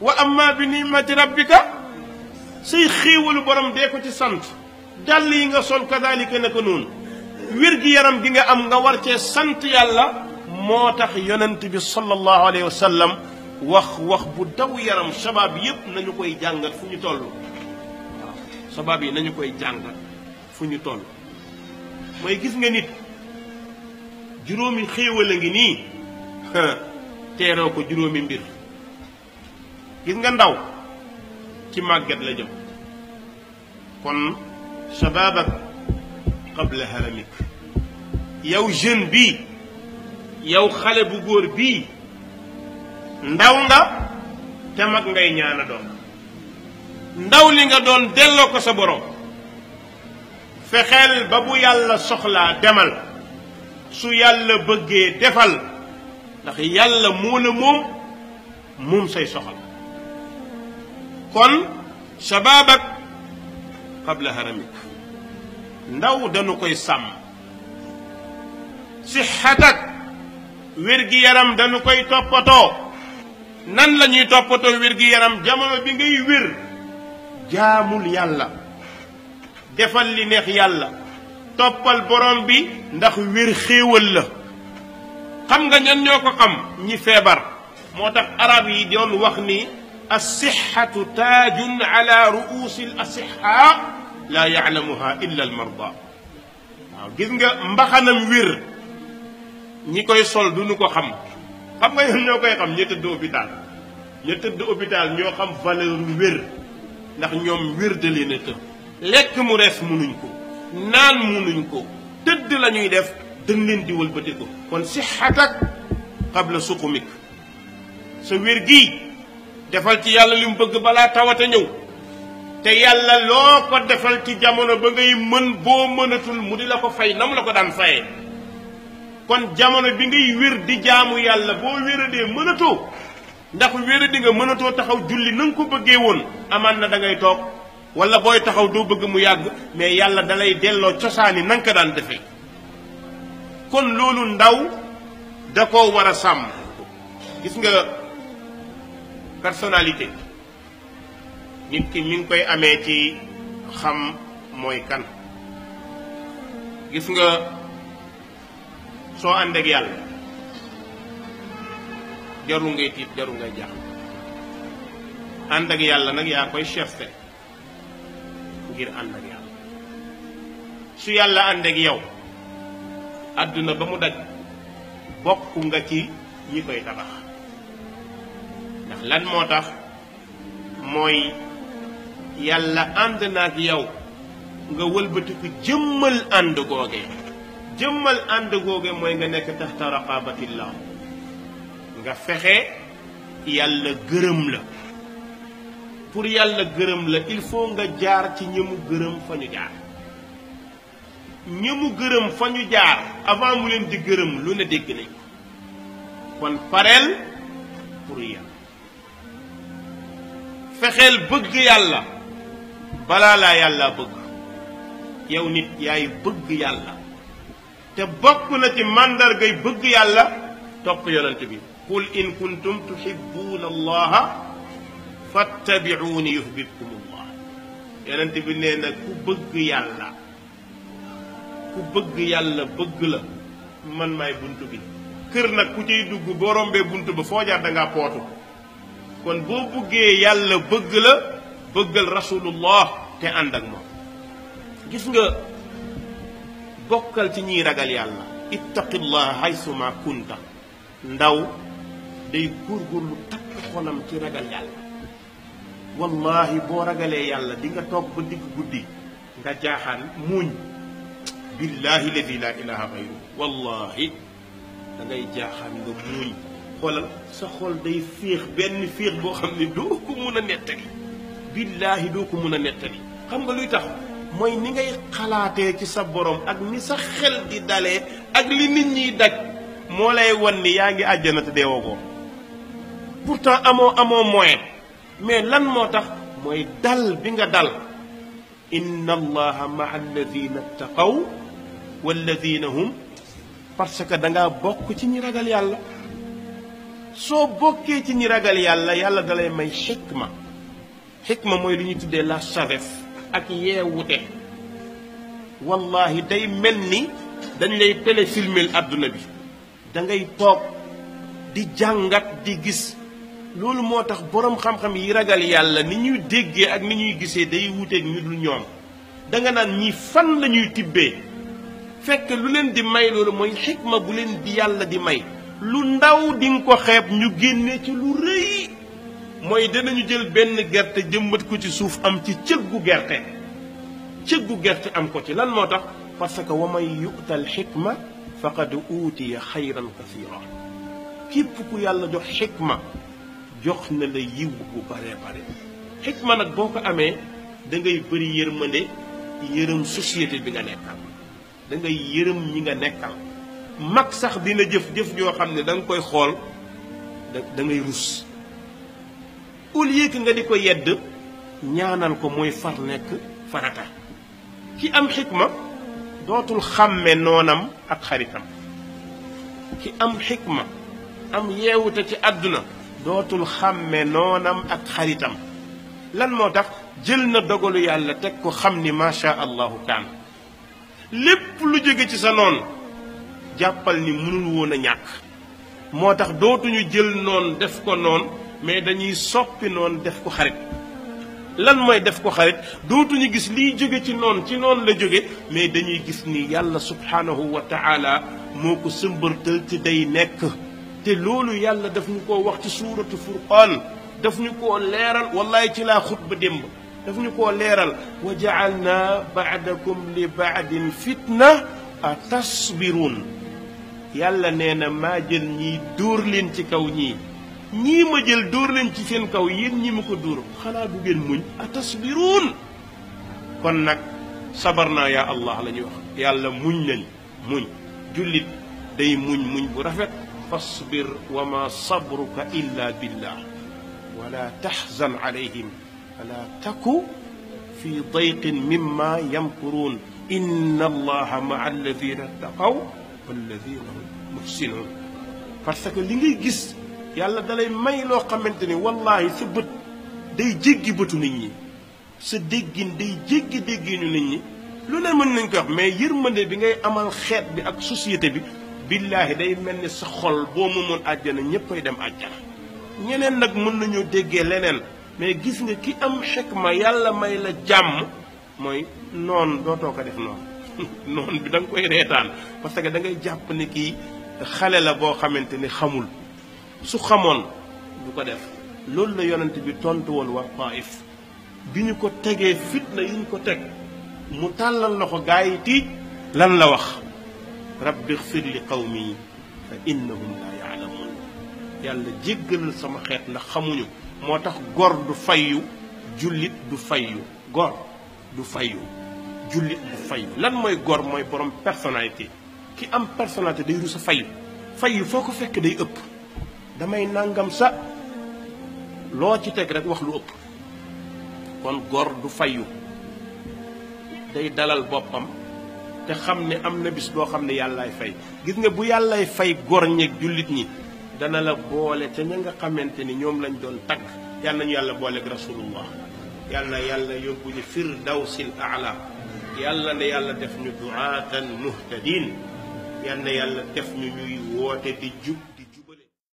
wa amma bi nimati rabbika say xéewalu borom dee ko ci sant dàll yi nga sol kadalika naka noonu wér-gi-yaram gi nga am nga war cee sant yàlla moo tax yonent bi sallallahu alayhi wa sallam wax wax bu daw yaram sabab yépp nañu koy jàngat fu ñu toll waaw sabab yi nañu koy jàngat fu ñu toll mooy gis nga nit juróomi xéewal a ngi nii teeroo ko juróomi mbir gis nga ndaw ci màgget la jëm kon shababak qabla haramik yow jeune bi yow xale bu góor bi ndaw nga te mag ngay ñaana doon ndaw li nga doon delloo ko sa borom fexel ba bu yàlla soxlaa demal su yàlla bëggee defal ndax yàlla moo la moom moom say soxla كون شبابك قبل هرمك نو دنوكي سام صحتك ويرجي يرم دنوكي توبوتو نان لا ني توبوتو ويرجي يرم جامو بيغي وير جامول يالا ديفال لي نيه يالا توبال بروم بي ندخ وير خيول لا خمغا نان نيوكو خم ني فيبر موتاخ عربي ديون واخني الصحة تاج على رؤوس الأصحاء laa yaalamuha illa al marda waaw gis nga mbaxanam wér ñi koy sol duñu ko xam xam nga ñoom ñoo koy xam ña tëdd hôpital ña tëdd hôpital ñoo xam valeur wér ndax ñoom wér da leen a tëdd lekk mu rees munuñ ko naan munuñ ko tëdd la ñuy def dañ leen di wëlbati ko kon si xatak qabla suqumik sa wér gii defal ci yàlla li mu bëgg balaa tawata ñëw te yàlla loo ko defal ci jamono ba ngay mën boo mënatul mu di la ko fay nam la ko daan fayee kon jamono bi ngay wér di jaamu yàlla boo wéradee mënatoo ndax wéradi nga mënatoo taxaw julli na ko bëggee woon amaan na da ngay toog wala booy taxaw doo bëgg mu yàgg mais yàlla dalay delloo cosaani na nga ko daan defee kon loolu ndaw da koo war a sàmm gis nga personnalité nit ki mi ngi koy amee ci xam mooy kan gis nga soo ànd yàlla jaru ngay tiit jaru ngay jax ànd ak yàlla nag yaa koy cherché ngir ànd ak yàlla su yàlla ànd ak yow àdduna ba mu daj bokk nga ci ñi koy tabax lan moo tax mooy yàlla ànd naag yow nga wëlbatiku jëmmal ànd googe jëmmal ànd googe mooy nga nekk taxta raqabatillah nga fexe yàlla gërëm la pour yàlla gërëm la il faut nga jaar ci ñëmu gërëm fa ñu jaar ñëmu gërëm fa ñu jaar avant mu leen di gërëm lu ne dégg nañ kon pareel pour yàlla fexeel bëgg yàlla balaa laa yàlla bëgg yow nit yaay bëgg yàlla te bokk na ci màndargay bëgg yàlla topp yonent bi qul in kuntum tuhibbuuna allaha fattabi'uuni yuhbibkum allah yonent bi nee na ku bëgg yàlla ku bëgg yàlla bëgg la man maay bunt bi kër nag ku ciy dugg boo rombee bunt ba foo jaar da ngaa pootu kon boo bëggee yàlla bëgg la bëggal rasulullah te ànd ak moom gis nga bokkal ci ñiy ragal yàlla ittaqillah haysuma kunta ndaw day góorgóorlu takk xolam ci ragal yàlla wallahi boo ragalee yàlla di nga toog ba digg guddi nga jaaxaan muuñ billahi ladi la ilaha gayru wallahi da ngay jaaxaan nga muuñ xoolal sa xol day féex benn féex boo xam ne doo ko mun a nettali billaahi doo ko mun a nettali xam nga luy tax mooy ni ngay xalaatee ci sa borom ak ni sa xel di dale ak li nit ñiy daj moo lay wan ni yaa ngi àjjana te deewoo ko pourtant amoo amoo moyen mais lan moo tax mooy dal bi nga dal inna allaha maa alladina ttaqaw walladina hum parce que danga bokk ci ñi ragal yàlla soo bokkee ci ñi ragal yàlla yàlla dalay may xikma xikma mooy li ñuy tuddee la sagesse ak yeewute wallahi day mel ni dañ lay téléfilmel àdduna bi dangay ngay toog di jàngat di gis loolu moo tax boroom xam-xam yi ragal yàlla ni ñuy déggee ak ni ñuy gisee day wuteeg ñu dul ñoom danga naan ñii fan lañuy ñuy tibbee fekk lu leen di may loolu mooy xikma bu leen di yàlla di may lu ndaw dinga ko xeeb ñu génne ci lu rëy mooy danañu jël benn gerte jëmbat ko ci suuf am ci cëggu gerte cëggu gerte am ko ci lan moo tax parce que wa man yu'ta al xikma faqad uutiya xayran kasira képp ku yàlla jox xikma jox na la yiw bu bare bare xikma nag boo ko amee da ngay bëri yërmande yërëm société bi nga nekkal dangay yërëm ñi nga nekkal mag sax dina jëf jëf joo xam ne da nga koy xool da da ngay rus au lieu que nga di ko yedd ñaanal ko mooy far nekk farata ki am xikma dootul xàmme noonam ak xaritam ki am xikma am yeewute ci àdduna dootul xàmme noonam ak xaritam lan moo tax jël na dogalu yàlla teg ko xam ni macha allahu kaan lépp lu jóge ci sa noonu jàppal ni mënul wona ñak motax dootuñu jël non def ko non mais dañuy soppi non def ko xarit lan moy def ko xarit dootuñu gis li jóge ci non ci non la jóge mais dañuy gis ni yàlla subhanahu wa taala moko ko ci day nek te lolu yàlla daf ñu koo wax ci suuratu furqan daf ñu koo leeral wallaay ci la khutba démb daf ñu koo leeral wa jaalna baadakum li ba'din fitna atasbirun yàlla nee na maa jël ñii dóor leen ci kaw ñii ñii ma jël dóor leen ci seen kaw yéen ñi ma ko dóor xanaa du ngeen muñ atasbiruun kon nag sabar naa yaa allah la ñuy wax yàlla muñ lañ muñ jullit day muñ muñ bu rafet fasbir wa ma sabruka illa billah wala taxzan alayhim wala taku fi dayqin mimma yamkuruun inna allaha maa alladina taqaw walladina hum parce que li ngay gis yàlla dalay may loo xamante ni wallaahi sa bët day jéggi bëtu nit ñi sa déggin day jéggi dégginu nit ñi lu ne mën nañ ko wax mais yërmande bi ngay amal xeet bi ak société bi billaahi day mel ni sa xol boo moomoon àjjana ñëppay dem àjjana ñeneen nag mën nañoo déggee leneen mais gis nga ki am xekma yàlla may la jàmm mooy noon dootoo ko def noonu non bi dang koy retan parce que da ngay jàpp ni ki xale la bo xamanteni xamul su xamone du ko def lolou la yonent bi tontu woon wa qaif biñu ko tege fitna yi ko tek mu talal loxo gaa ti lan la wax rabbi ighfir li qawmi fa innahum la ya'lamun yàlla jéggalal sama xeet ndax xamuñu motax gor du fayu julit du fayu gor du fayu julit bu fay lan moy gor moy borom personnalité ki am personnalité day rusa fay fay foko fekk day upp damay nangam sa lo ci tek rek wax lu upp kon gor du fayu day dalal bopam te xamne ne bis bo xamne ne yàllaay fay gis nga bu yalla fay gor ñeeg julit ñi dana la boole te ña nga xamante ni lañ doon tag yalla ñu yalla booleeg rasulullah yalla yalla yóbbu ñu firdawsil aala يالا يالا دفن دعاة مهتدين يالا